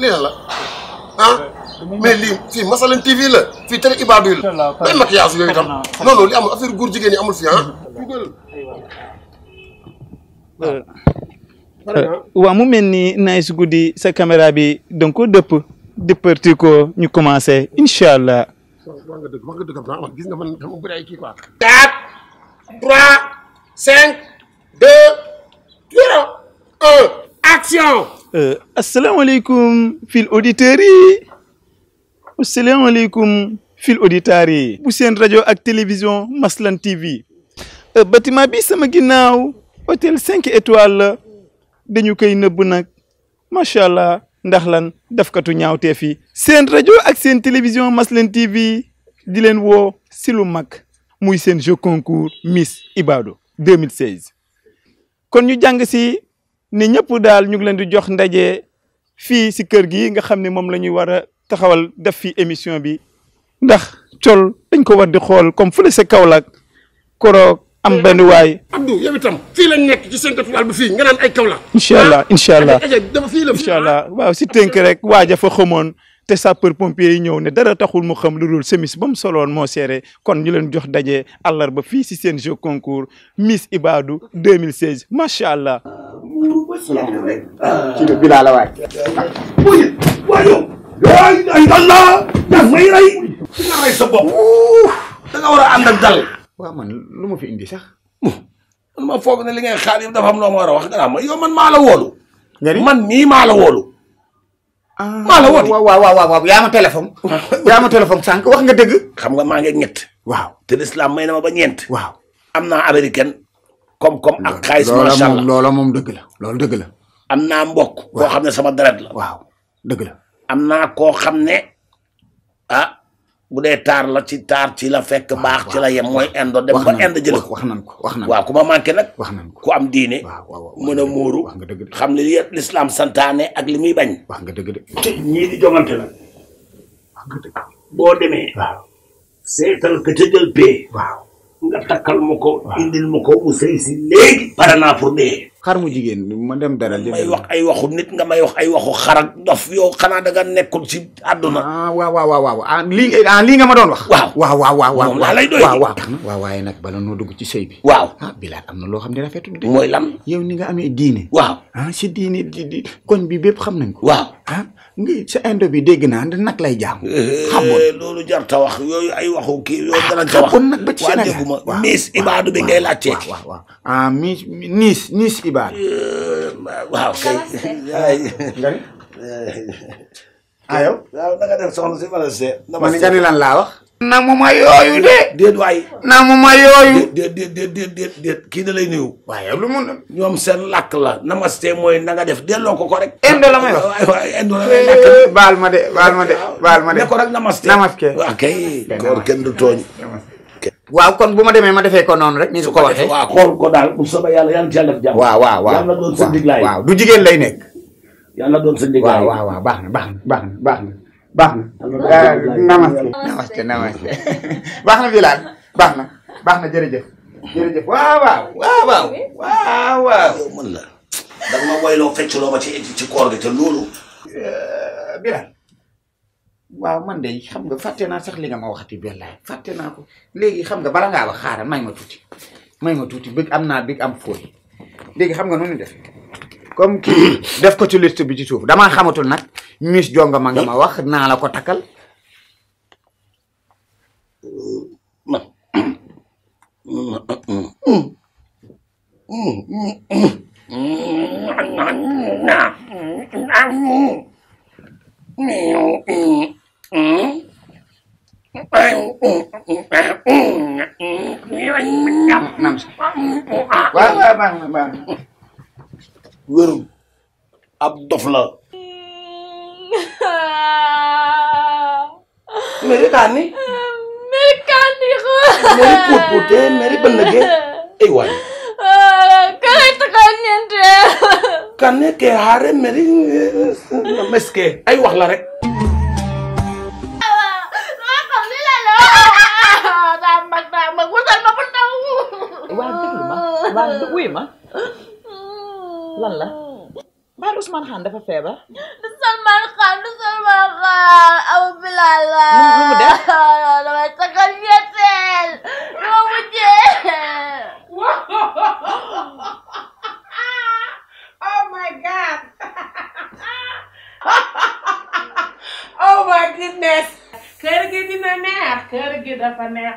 lii la ah mais lii fii TV la fii télé Ibadou la benn maquillage yooyu tam non non li amul affaire góor jigéen ñi amul fii ah. Euh, euh, waaw mu mel ni naaj su guddi sa caméra bi danga ko dëpp ko ñu commencé incha allah. nga dëgg wax nga dëgg action. Euh, asalaamaaleykum fil auditeurs yi asalaamaaleykum fil auditeurs yi bu seen rajo ak télévision Maslan TV euh, bâtiment bi sama ginnaaw hôtel cinq étoiles la dañu koy nëbb nag macha allah ndax lan dafkatu ñaawteef yi seen rajo ak seen télévision Maslan TV di leen woo si mag muy seen jeu concours Miss Ibado 2016 kon ñu jàng si ne ñëpp daal ñu ngi leen di jox ndaje fii si kër gi nga xam ne moom la ñuy war a taxawal def fii émission bi ndax col dañ ko war di xool comme fële se Kaolack koroog am benn waay. Abdou fii lañ nekk ci fii nga naan ay Kaolack. incha allah ah, incha allah eh, eh, eh, incha allah waaw si tënk rek waaja fa xamoon. te sapeur pompier ñëw ne dara taxul mu xam lu dul semis ba mu soloon moo seere kon ñu leen jox daje ba fii si seen jeu concours Miss Ibadou 2016 macha allah. shi da bila la waay wayo ay Allah da may ray nga ray sa bopp da nga war a ànd ak dal waaw man lu fi indi sax man ma ne li ngay xaar yëpp dafa am loo ma war a wax nga ma yow man maa woolu man woolu waaw waaw waaw yaa ma téléphone yaa sànq wax nga dëgg xam nga maa ngi ñett waaw te lislaam may na ma ba ñeent waaw am naa américaine comme comme ak xaalis macha allah loola moom dëgg la lolo deug la amna mbok ko xamne sama deret la waaw deug la amna ko xamne ah budé tar la ci tar ci la fekk bax ci la yem moy endo dem ba indo jële wax nan ko wax nan waaw kuma ma nak wax nan ko ku am diiné mën a móoru li l'islam santaane ak li muy bañ wax nga deug de ñi di jongante la wax nga dëgg boo demee waaw sétal ke ca jël pee waaw nga takkal ma ko. indil ma ko mu sëy si léegi. pare naa pour dee. xar mu jigéen ma dem dara. may wax ay waxu nit nga may wax ay waxu xarak dof yow xanaa da nga nekkul si àdduna. ah waaw waaw waaw ah lii ah lii nga ma doon wax. waaw waaw waaw waaw waaw moom laa lay doy. waaw waaw waaye nag bala noo dugg ci sëy bi. waaw ah bilaay am na loo xam ne rafetul de. mooy lam yow ni nga amee diine. waaw ah si diine di di koñ bi bépp xam nañ ko. waaw ah. ngi sa indo bi dégg naa ne lay jaamu. Eh, xamoon loolu jar ta wax yooyu ay waxu kii yooyu ah, danañ ca wax. xamoon nag ba ci bi ngay laajte. waaw waaw ah Miss Miss eh, waaw kay. Eh. ah yow. waaw na nga def soxna si ma la seet. ma ni lan laa wax. namu ma yooyu de. déet waay. namu ma yooyu. déet déet déet déet déet déet kii da lay nuyu. waaye lu mu ñoom seen làkk la namaste mooy na nga def delloo ko ko rek. indo la may wax waaye indo la may eh, làkk. baal ma de baal ma de baal ma de. ne ko rek namaste namaste. waaw kay. koor kenn du tooñ. waaw kon bu ma demee ma defee ko noonu rek. ni su ko waxee waaw xool ko daal bu soobee yàlla yàlla jàll ak jàmm. waaw waaw waaw yàlla doon sa diglaay. waaw du jigéen lay nekk. yàlla doon sa diglaay. waaw waaw waaw baax na baax na baax na. Ah, baax na namaste namaste namaste baax na Bilal baax na baax na jërëjëf jërëjëf waaw waaw ma woyloo loo ma ci ci koor gi te loolu eh, Bilal waaw man de xam nga fàtte naa sax li nga ma waxati billaay fàtte naa ko léegi xam nga bala ngaa wax xaaral may ma tuuti may ma tuuti bëgg am naa bëgg am fooy léegi xam nga noonu def comme ki def ko ci liste bi ci souf dama xamatul nak Miss Jonga ma nga ma wax na la ko nah, nah, nah, nah, nah, nah, nah wérul ab dof la meri kaani meri kaani xool meri puut puute meri bënnëge ay waay kare taxaw ñente kane ke haare meri euh, meske ay wax la rek waa déglu ma waa déglu ma lan la mbaa Ousmane Khan dafa feebar. du Salman Khan du Salman Khan aw bilal la. lu mu def damay takkal ñetteel oh my god oh my goodness. kër gi dina neex kër gi dafa neex.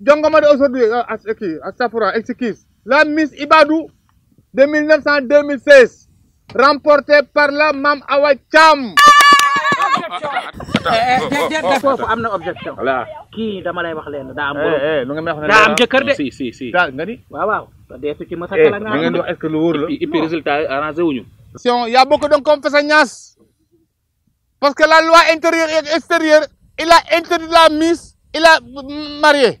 Djongomade aujourd'hui, euh, Safura, excuse, la Miss Ibadou de 1900-2016, remportée par la Mam Awa Cham. objection. la. y' a beaucoup de parce que la loi intérieure et extérieure il a interdit la mise il a marié.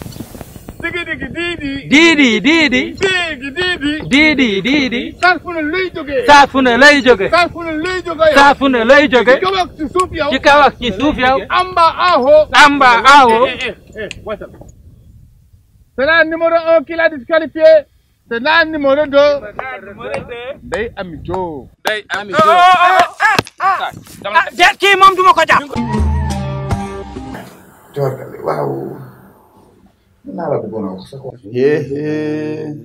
diidi diidi. diidi diidi. saa fu ne lay jóge. saa fu ne lay jóge. saa fu ne lay jóge. ci kaw ak ci suuf yow. Amba Aho. Amba Aho. c'est la numéro un qui l'a disqualifié. c'est la numéro deux. Ndeye Amy Day amijo, Amy Diop. Oh, oh, oh, eh, eh. ah kii moom du ma ko jàpp. waaw. naa la bëggoon a wax sax wax.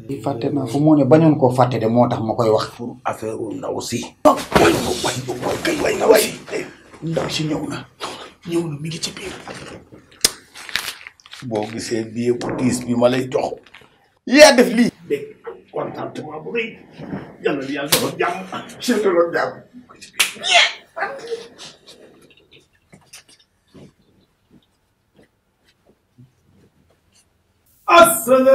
di fàtte naa fu moo ne bañoon koo fàtte de moo tax ma koy wax. pour affaire ndaw si. waaw si ñëw na ñëw na mi ngi ci biir. boo gisee bii bu diis bi ma lay jox. yaa def lii. السلام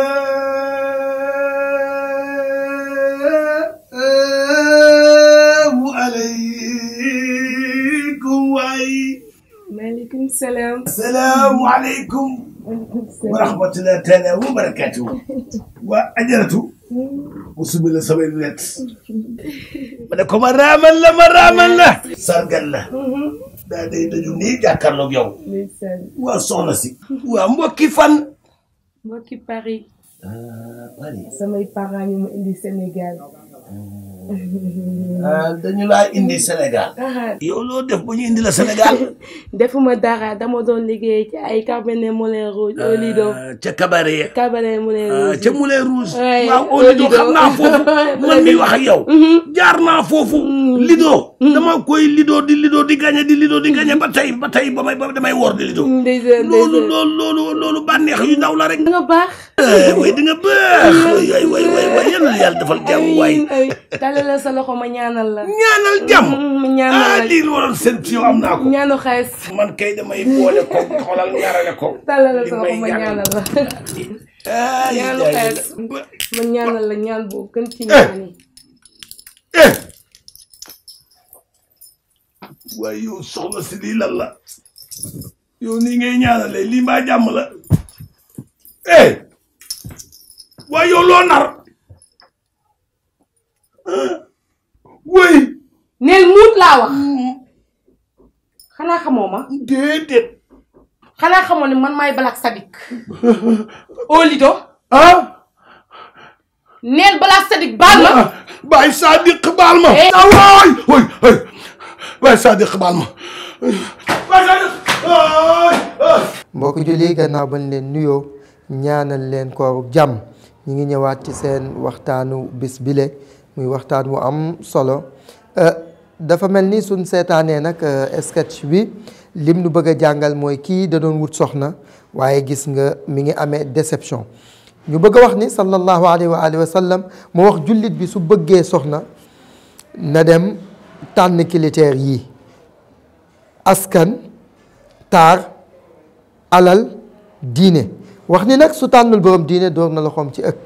عليكم وعليكم السلام السلام عليكم ورحمة الله تعالى وبركاته وأجرته وسبل سبيل النت منكم الرام الله مرام الله سرق الله دا دي جوني جاكر لو يوم وصونسي وموكفا mbokki Paris. Euh, Paris. samay parents ñu indi Sénégal. Euh, euh, dañu laa indi Sénégal. Ah. yow loo def ba ñu indi la Sénégal. defuma dara dama doon liggéey ci ay cabaret Moulin Rouge. au Lido ca cabaret. cabaret Moulin Rouge. ca Moulin Rouge. waaw au Lido xam naa foofu man mi wax ak mhm. jaar naa foofu mhm. Lido. dama koy lidoo di lidoo di gagné di lidoo di gagné ba tey ba tay ba may ba damay woor di lidoo loolu loolu loolu loolu bànneex yu ndaw la rek di nga baax eh, way di nga baax way way way way yal na yàlla defal jàmm waay dalal sa loxo ma ñaanal la ñaanal jàmm mm, mm, ñaanal ah, lii lu am naa ko xaalis man kay damay boole ko xoolal ñaarale ko ma ñaanal la ñaanu xaalis ma la ñaan boobu gën ci eh. ñaan waaye yow soxna si lii lan la yow nii ngay ñaanale lii mbaa jàmm la eh waaye yow loo nar woy neel muut laa wax xanaa xamoo ma déedéet xanaa xamoo ne man maay balak sadik au lido ah neel balak sadik baal ma bàyyi sadik baal ma eh. waay waaye Sadiq baal ma waaye Sadiq mbokk gannaaw bañ leen nuyoo ñaanal leen kooru jàmm ñu ngi ñëwaat ci seen waxtaanu bis bile muy waxtaan wu am solo euh, dafa mel ni suñ seetaanee nag euh, sketch bi lim nu bëgg a jàngal mooy kii da doon wut soxna waaye gis nga mi ngi amee déception ñu bëgg wax ni sallallahu alayhi wa alihi wa sallam moo wax jullit bi su bëggee soxna na dem tànn critères yi askan taar alal diine wax ni nag su tànnul borom diine door na loxoom ci ëkk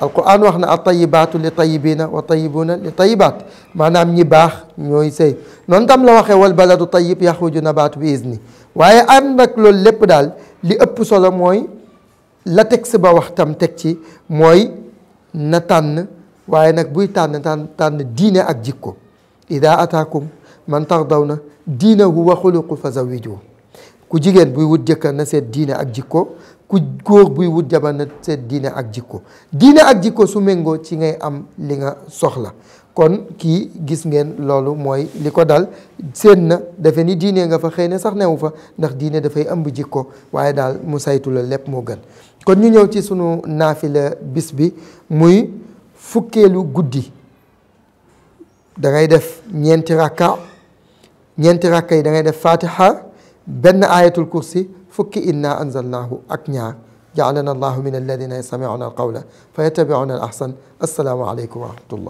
alquran wax na a tayibaatu li tayibina wa tayibuna li tayibaat maanaam ñi baax ñooy sëy noon tam la waxee wal baladu tayib na baatu bi ni waaye am nag loolu lépp daal li ëpp solo mooy la texte ba wax tam teg ci mooy na tànn waaye nag buy tànn tànn tànn diine ak jikko ida ataakum man tardawna diinahu wa xuluqu fa zawiju ku jigéen buy wut jëkkër na seet diine ak jikko ku góor buy wut jabar na seet diine ak jikko diine ak jikko su méngoo ci ngay am li nga soxla kon kii gis ngeen loolu mooy li ko dal séen na defe ni diine nga fa xëy na sax newu fa ndax diine dafay ëmb jikko waaye daal mu saytu la lépp moo gën kon ñu ñëw ci sunu naafila bis bi muy fukkeelu guddi da ngay def ñeenti rakka ñeenti rakka yi da ngay def fatiha benn ayatul kursi fukki inna anzalnaahu ak ñaar jaalana allahu min alladina yastamiuna alqawla fa yattabiuna al ahsan assalaamu aleykum wa rahmatullah